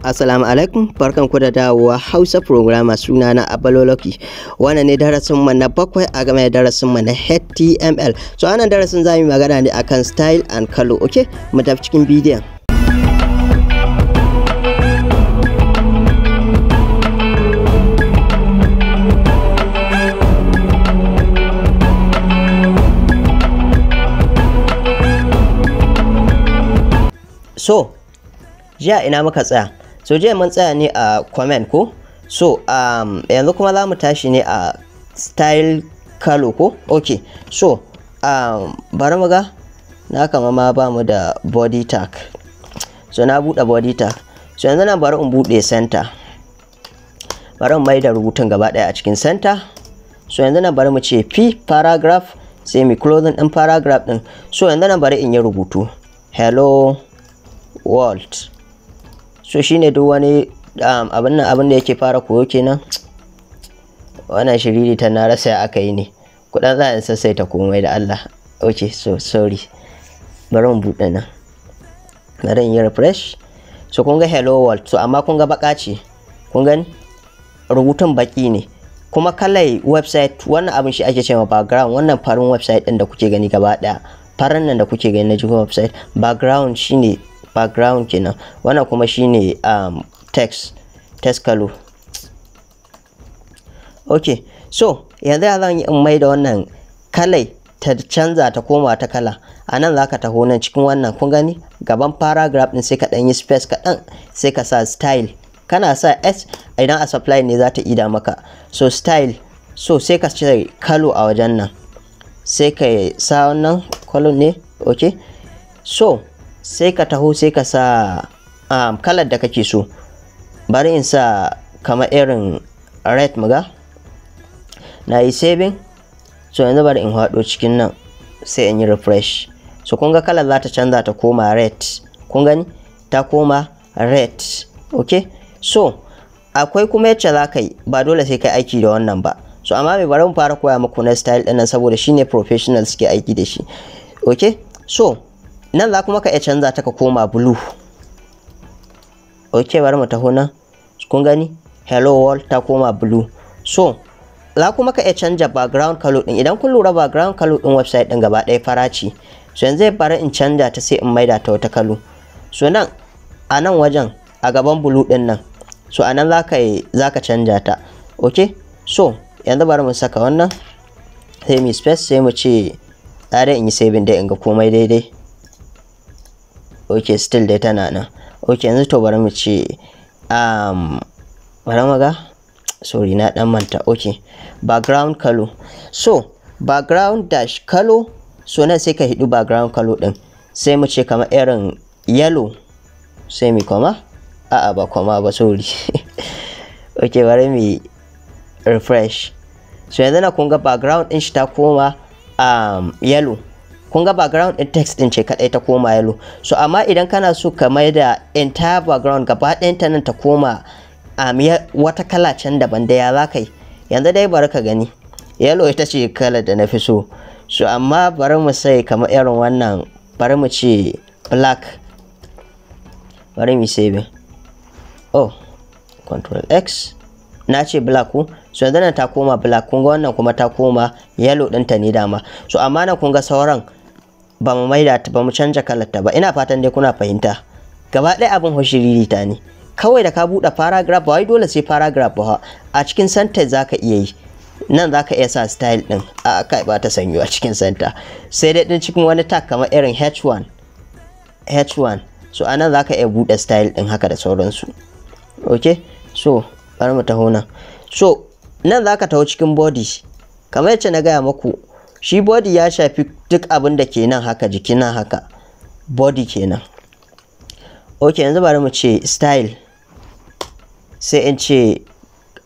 Assalamu alaikum barkan ku da dawowa Hausa program suna na Abaloloki wannan ne darasin mu na bakwai a game da darasin mu na HTML so anan darasin zamu magana ne akan style and color okay mu tafi cikin bidiyon So, jiya ina muka tsaya so jiya mun tsaya ne a comment ko so um, yanzu kuma za mu tashi ne a style kalo ko ok so um, bari mu ga na kama ma ba mu da body tag so na buɗe body tag so yanzu nan bari in buɗe center bari in mai da rubutun gaba ɗaya a cikin center so yanzu nan bari mu ce p paragraph sai mu closing din paragraph din so yanzu nan bari in yi rubutu hello world so shi ne duk wani um, abin nan abin da yake fara koyo kenan wannan shiriri ta na rasa aka yi ne kudan za a sassai sassaita komai da Allah ok so sorry bari mu buɗe nan bari yi refresh so kun ga hello world so amma kun ga baka ce kun gani rubutun baki ne kuma kalai website wannan abin shi ake cewa background wannan farin website din da kuke gani gaba daya farin nan da kuke gani na jikin website background shine background kenan wannan kuma shine um, text text color ok so yanzu ya zan yi in mai da wannan kalai ta canza ta koma ta kala a nan za ka taho nan cikin wannan kun gani gaban paragraph ɗin sai ka ɗan yi space kaɗan sai ka sa style kana sa s idan a supply ne za ta ida maka so style so sai ka cire kalo a wajen nan sai ka sa wannan kwalon ne ok so sai ka taho sai ka sa um, kalar da kake so bari in sa kama irin red muga na yi saving so yanzu bari in hado cikin nan sai in yi refresh so kun ga kalar za ta canza ta koma red kun gani ta koma red ok so akwai kuma yacce za ka ba dole sai kai aiki da wannan ba so amma mai bari mu fara koya muku na style ɗinnan saboda shine professional suke aiki da shi ok so nan za kuma ka iya canza ta ka koma blue ok bari mu taho nan kun gani hello world ta koma blue so za kuma ka iya canja background color din idan kun lura background color din website din gaba ɗaya faraci, so yanzu zai bari in canja ta sai in maida ta wata kalo so nan a nan wajen a gaban blue din nan so a nan za ka canja ta ok so yanzu bari mu saka wannan sai mu space sai mu ce tsare in yi saving dai in ga komai daidai ok still dai tana nan ok yanzu to bari mu ce um, bari mu ga sorry na dan manta ok background color so background dash color so nan sai ka hidu background color din sai mu ce kamar irin yellow sai mu koma a'a ba koma ba sorry ok bari mu refresh so yanzu na kun ga background din shi ta koma um, yellow kun ga background din text din ce kadai ta koma yellow so amma idan kana so ka mai da entire background gaba ɗayan ta nan ta koma um, wata kala can daban da ya za ka yi yanzu dai bari ka gani yellow ita ce kalar da na fi so so amma bari mu sai kamar irin wannan bari mu ce black bari mu save oh control x na ce black ko so yanzu nan ta koma black kun ga wannan kuma ta koma yellow ɗinta ne dama so amma nan kun ga sauran ba mu maida ta ba mu canja kalarta ba ina fatan dai kuna fahimta gaba ɗaya abin hoshiriri ta ne kawai da ka buɗe paragraph ba wai dole sai paragraph ba a cikin za ka iya yi nan za ka iya sa style ɗin. a kai ba ta sanyo a cikin center sai dai ɗin cikin wani tag kamar irin h1 h1 so a nan za ka iya buɗe style ɗin haka da sauransu ok so bari mu taho nan so nan za ka taho cikin body kamar yacce na gaya maku shi body ya shafi duk abin da ke nan haka jiki nan haka body kenan ok yanzu bari mu ce style sai in ce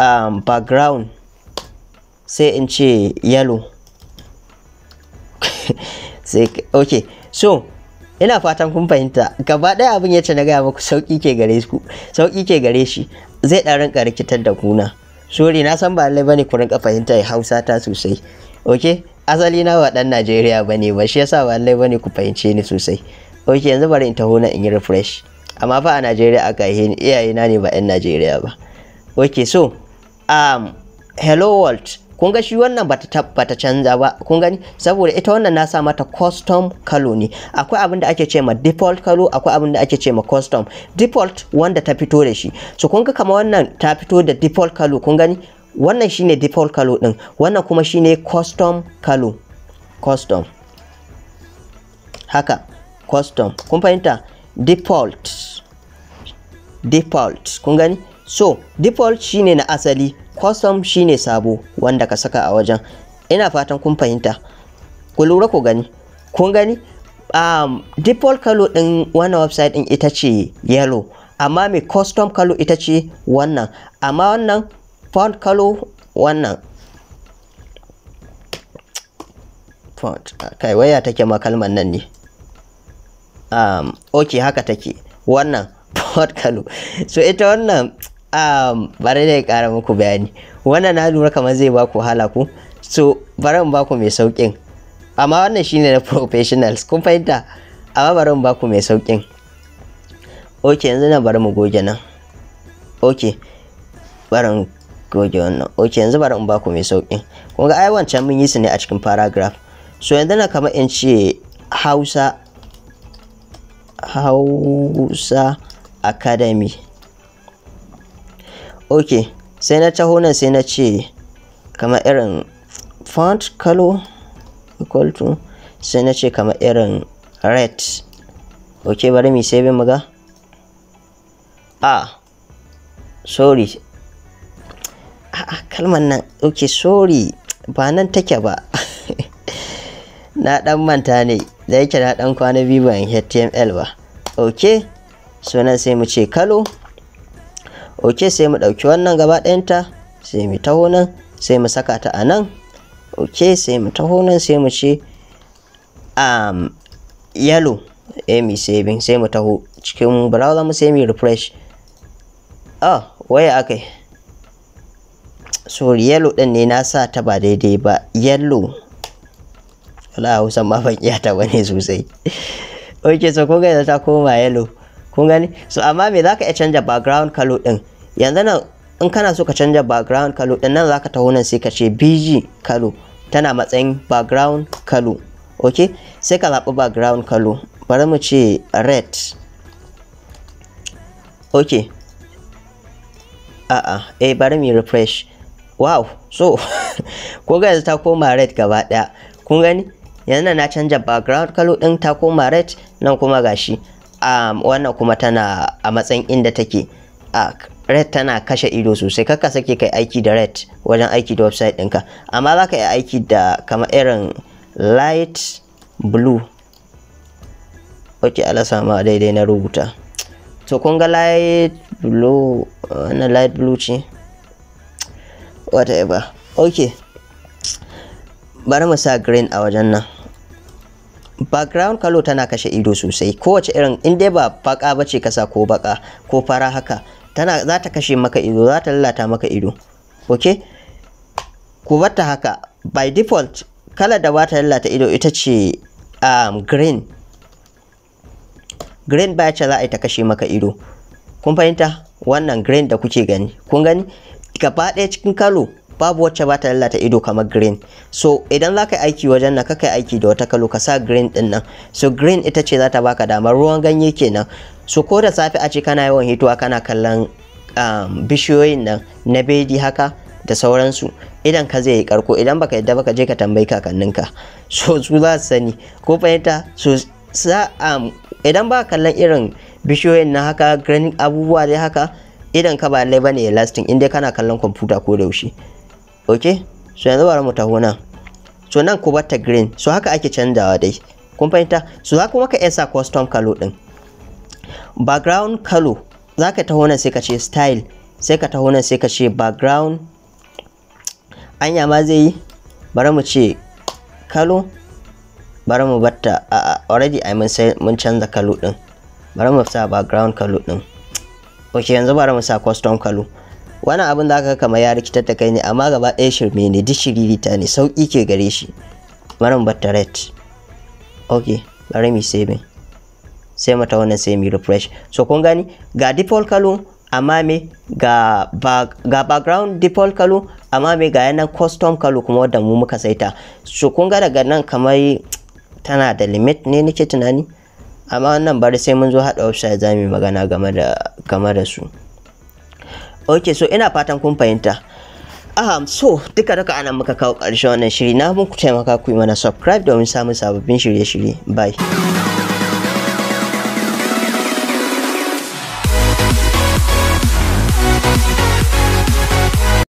um, background sai in ce yellow sai ok so ina fatan kun fahimta gaba ɗaya abin ya ce na gaya muku sauƙi ke gare ku sauƙi ke gare shi zai ɗan rinka rikitar da kuna sori na san ba lallai bane ku rinka fahimta ya hausa ta sosai okay? asali na ba dan Najeriya bane ba shi yasa ba ne bane ku fahimce ni sosai ok yanzu bari in taho na in yi refresh amma fa a Najeriya aka yi ni na ne ba 'yan Najeriya ba ok so um, hello world kun ga shi wannan bata canza ba kun gani saboda ita wannan na sa mata custom kalo ne akwai abin da ake ce ma default kalo akwai abin da ake ce ma custom default wanda ta fito da shi so kun ga kama wannan ta fito da default kalo kun gani wannan shine default color din wannan kuma shine custom color custom haka custom kun fahimta default default kun gani so default shine na asali custom shine sabo wanda ka saka a wajen ina fatan kun fahimta ku lura ku gani kun gani um, default color din wannan website din ita ce yellow amma mai custom color ita ce wannan amma wannan font color wannan font kai waya take ma kalmar nan ne um, ok haka take wannan font color so ita wannan um, bari da kara muku bayani wannan na lura kamar zai baku halaku. ku so bari in baku mai saukin amma wannan shine na professionals kun fahimta amma bari in baku mai saukin ok yanzu na bari mu goge nan ok bari goge wannan ok yanzu bari in baku mai sauƙi kun ga ai wancan mun yi su ne a cikin paragraph so yanzu na kama in ce hausa hausa academy ok sai na taho nan sai na ce kama irin font color equal to sai na ce kama irin red ok bari mu sai muga ga, ah, sorry kalmar nan ok sorry ba nan take ba na dan manta ne da yake na dan kwana biyu ba html ba ok so sai mu ce kalo ok sai mu ɗauki wannan gaba ɗayanta sai mu taho nan sai mu saka ta a nan ok sai mu taho nan sai mu ce um, yellow emi eh, saving sai mu taho cikin browser mu sai mu refresh ah waya akai okay. sorry yellow din ne na sa ta ba daidai ba yellow wala hausa ma ban iya ta bane sosai ok so kun ga ta koma yellow kun gani so amma me zaka iya canja background color din yanzu nan in kana so ka canja background color din nan zaka taho nan sai ka ce bg color tana matsayin background color ok sai ka zaɓi background color bari mu ce red ok a'a eh bari mu refresh wow so ko ga yanzu ta koma red gaba daya kun gani yanzu na canja background color din ta koma red nan kuma gashi um, wannan kuma tana a matsayin inda take uh, red tana kashe ido sosai kakka sake kai aiki da red wajen aiki da website ɗinka amma za ka yi aiki da kama irin light blue ok ala sama daidai na rubuta to kun ga light blue wannan light blue ce whatever ok bari mu sa green a wajen nan background kalo tana kashe ido sosai kowace irin in dai ba baka bace kasa ko baka ko fara haka tana za ta kashe maka ido za ta lalata maka ido ok ku bata haka by default kalar da ba ta lalata ido ita ce um, green green ba ce za a yi ta kashe maka ido kun fahimta wannan green da kuke gani kun gani gaba ɗaya cikin kalo babu wacce ba ta lalata ido kamar green so idan za ka yi aiki wajen na kai aiki da wata kalo ka sa green din nan so green ita ce za ta baka damar ruwan ganye kenan so ko da safe a ce kana yawan hitowa kana kallon um, bishiyoyin nan na bedi haka da sauransu idan ka zai yi karko idan baka yadda baka je ka tambayi kakanninka so su za su sani ko fahimta so sa um, idan ba kallon irin bishiyoyin na haka green abubuwa dai haka idan ka ba lai bane ya lasting in dai kana kallon kwamfuta ko da yaushe okay so yanzu bari mu taho nan so nan ku bata green so haka ake canjawa dai kun fahimta so za kuma ka iya sa custom color din background color za ka taho nan sai ka ce style sai ka taho nan sai ka ce background anya ma zai yi bari mu ce color bari mu batta a already i mun sai mun canza color din bari mu sa background color din ok yanzu bari mu sa custom kalu wani abin da aka kama ya rikita ta kai ne amma gaba ɗaya shirme ne duk shiririta ne sauƙi ke gare shi bari mu batta red ok bari mu mai sai mata wannan sai mu refresh so kun gani ga default kalu amma me ga, ga background default kalu amma me ga yanan custom kalu kuma wadda mu muka saita so kun ga daga nan kamar tana da limit ne nake tunani amma wannan bari sai mun zo haɗa website za mu magana game da game da su ok so ina fatan kun fahimta Aham so duka duka anan muka kawo ƙarshen wannan shiri na muku taimaka ku yi mana subscribe domin samun sababbin shirye-shirye bye